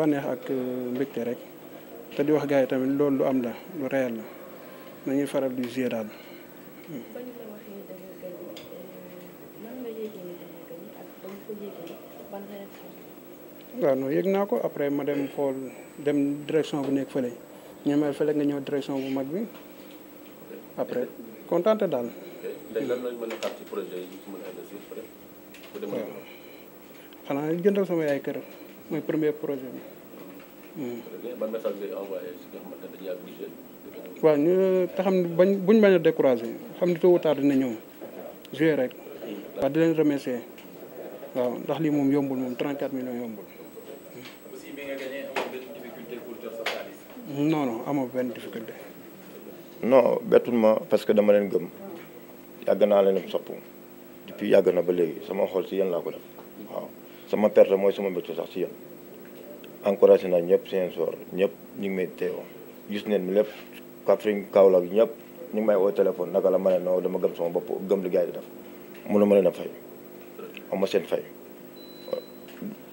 bànneex ak euh, mbégte rek te di wax gars yi tamit loolu lu am la lu réel la faral di jouer daal. yëg naa ko après ma dem xool dem direction bu nekk fële ñemeel fële nga ñëw direction bu mag bi après contente daal. waaw xanaa jëndal sama yaay kër. mooy premier projet bi. Hmm. ban message ngay ne dañuy waaw ñu te xam ne bañ buñ bañ a xam ne tôt ou tard ñëw joué rek. Hmm. waaw di leen remercier waaw ndax lii moom yombul moom 34 millions yombul. aussi bi non non amoo benn difficulté. non bettul ma parce que dama leen gëm yàgg naa leen sopp depuis yàgg na ba léegi sama xool si yenn laa ko def waaw. sama perte mooy sama mbégte sax ci yoon encouragé naa ñëpp seen soor ñëpp ñu ngi may teewoo gis neen mi lépp Kaffrine Kaolack ñëpp ñu may woo téléphone naka la ma ne non dama gëm sama bopp gëm li gars yi di def mënu ma leen a fay am ma seen fay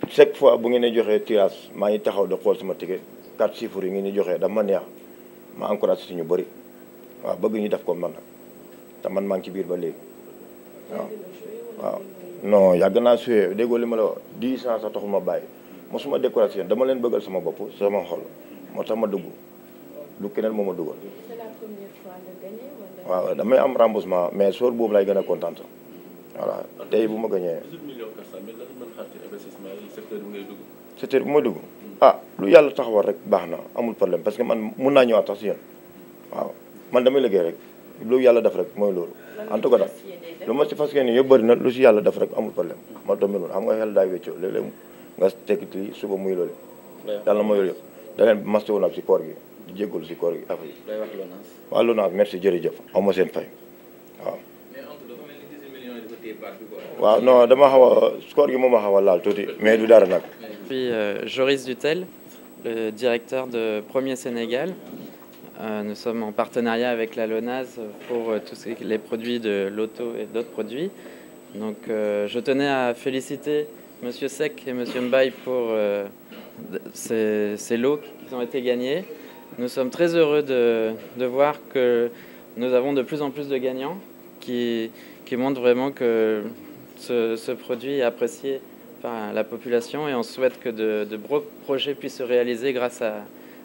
chaque fois bu ngeen joxee tirage maa ngi taxaw di xool sama ticket quatre chiffres yi ngeen di joxee dama neex ma encouragé si ñu bëri waaw bëgg ñu def ko man nag te man maa ngi ci biir ba léegi waaw waaw non yàgg naa suyee déggoo li ma la wax dix ans sax taxuma bàyyi suma décoration dama leen bëggal sama bopp sama xol moo tax ma dugg du keneen moo ma dugal waaw damay am remboursement mais soor boobu lay gën a kontaan sax voilà tey bu ma gañee secteur bu ma dugg ah lu yàlla taxawal rek baax na amul problème parce que man mun naa ñëwaat sax si yéen waaw man damay liggéey rek lu yàlla def rek mooy loolu en tout lu ma si fas yéene yëpp bëri na lu si yàlla def rek amul problème ma tombé noonu xam nga yàlla daay wéccoo léeg-léeg nga tekkiti suba muy loolu yàlla mooy loolu yëpp da leen mastawu nag si koor gi di jégalu si koor gi affaire yi waaw lonaas merci jërëjëf jëf ma seen fay waaw waaw dama xaw a score gi moom ma xaw laal tuuti mais du dara nag. Je suis euh, le directeur de Premier Sénégal. Euh, nous sommes en partenariat avec la LONAS pour euh, tous les produits de l'auto et d'autres produits. Donc euh, je tenais à féliciter M. Sec et M. Mbaye pour ces, ces, lots qui ont été gagnés. Nous sommes très heureux de, de voir que nous avons de plus en plus de gagnants qui, qui montrent vraiment que ce, ce produit est apprécié par la population et on souhaite que de, de gros projets puissent se réaliser grâce à,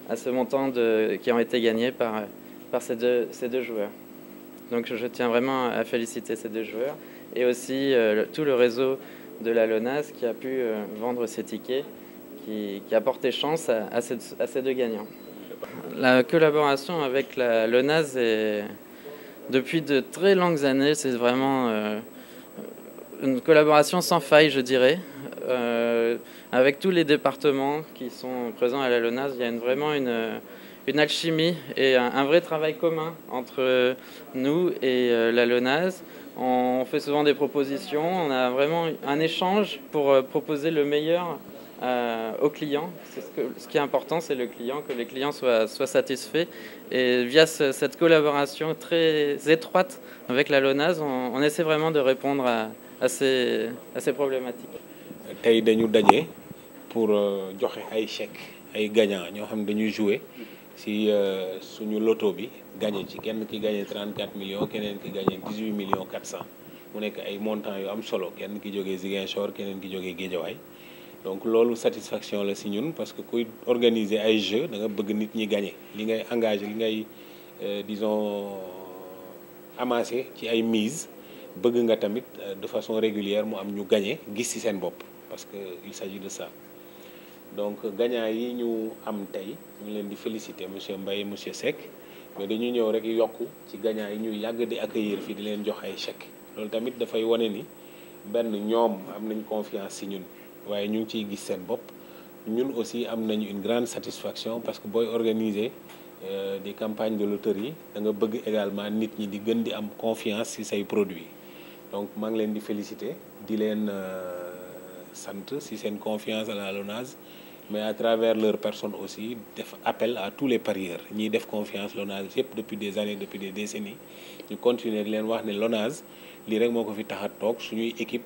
à ce montant de, qui ont été gagnés par, par ces, deux, ces deux joueurs. Donc je tiens vraiment à féliciter ces deux joueurs et aussi euh, le, tout le réseau de la LONAS qui a pu euh, vendre ces tickets, qui, qui a porté chance à, à, ces, à, ces, deux gagnants. La collaboration avec la LONAS est depuis de très longues années, c'est vraiment euh, une collaboration sans faille, je dirais. Euh, Euh, avec tous les départements qui sont présents à la LONAS, il y a une, vraiment une, euh, une, alchimie et un, vrai travail commun entre euh, nous et la LONAS. On fait souvent des propositions, on a vraiment un échange pour proposer le meilleur euh, aux clients. Ce, qui est important, c'est le client, que les clients soient, satisfaits. Et via cette collaboration très étroite avec la LONAS, on, essaie vraiment de répondre à ces problématiques. tey dañu daje pour euh, joxe ay chèques ay gagnants ñoo xam ne dañuy jouer si euh, suñu loto bi gagné ci kenn ki gagné 34 millions keneen ki gagné 18 millions 400 mu nekk ay montants yu am solo kenn ki jógee Ziguinchor keneen ki jógee Guédiawaye donc loolu satisfaction la si ñun parce que kuy organiser ay jeux danga bëgg nit ñi gagné li ngay engage li ngay euh, disons amassé ci ay mise bëgg nga tamit de façon régulière mu am ñu gagné gis ci seen bopp. parce que il s'agit de sa donc gagnant yi ñu am tey ñu leen di féliciter monsieur mbay monsieur Seck mais dañu ñëw rek yokk ci gagnant yi ñuy yàgg di accueillir fii di leen jox ay chèques loolu tamit dafay wane ni benn ñoom am nañ confiance ci ñun waaye ñu ngi ciy gis seen bopp ñun aussi am nañu une grande satisfaction parce que booy organiser euh, des campagnes de loterie da nga bëgg également nit ñi di gën di am confiance ci say produit donc maa ngi leen di féliciter di leen. Euh, sant si seen confiance à la LONASE mais à travers leur personne aussi def appel à tous les parieurs ñiy def confiance LONASE yëpp depuis des années depuis des décennies ñu continuer leen wax ne LONASE lii rek moo ko fi tax a toog suñuy équipe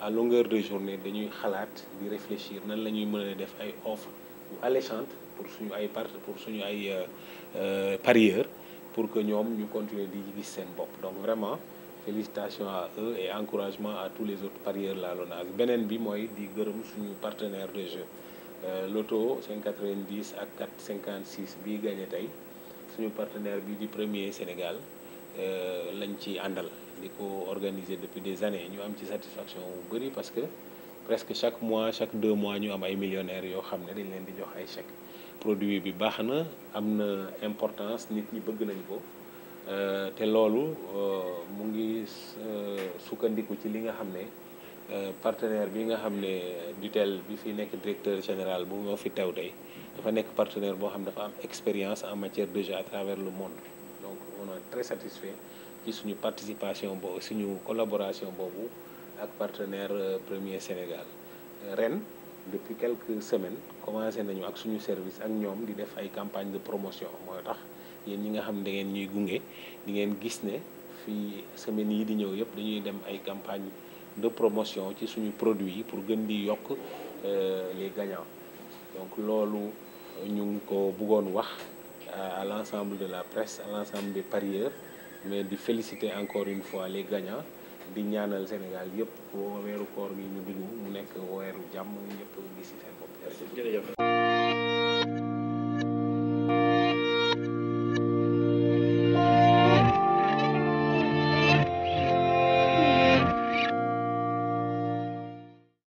à longueur de journée dañuy xalaat di réfléchir nan la ñuy mën a def ay offres yu alléchantes pour suñu ay part pour suñu ay euh, euh, parieurs pour que ñoom ñu continuer di gis seen bopp donc vraiment. félicitations à eux et encouragement à tous les autres parieurs la Lonase beneen bi mooy di gërëm suñu partenaire de jeu euh, loto 590 ak 456 bii gagné tey suñu partenaire bi di premier Sénégal euh, lañ ci àndal di ko organiser depuis des années ñu am ci satisfaction bu bëri parce que presque chaque mois chaque deux mois ñu am ay millionnaires yoo xam ne dañ leen di jox ay chèques produit bi baax na am na importance nit ñi bëgg nañu ko Euh, te loolu euh, mu ngi euh, sukkandiku ci li nga xam ne partenaire bi nga xam ne Dutel bi fi nekk directeur général bu moo fi teew tey dafa nekk partenaire boo xam dafa am expérience en matière de jeu à travers le monde donc on est très satisfait ci suñu participation boobu suñu collaboration boobu ak partenaire Premier Sénégal ren depuis quelque semaine commencé nañu ak suñu service ak ñoom di def ay campagne de promotion mooy tax yéen ñi nga xam ne da ngeen ñuy gunge di ngeen gis ne fii semaine yi di ñëw yëpp dañuy dem ay campagne de promotion ci suñu produit yi pour gën di yokk euh, les gagnants donc loolu ñu ngi ko bëggoon wax euh, à l'ensemble de la presse à l'ensemble des parieurs mais di féliciter encore une fois les gagnants di ñaanal Sénégal yëpp weeru koor gi ñu dugg mu nekk weeru jàmm ñëpp gis seen bopp jërëjëf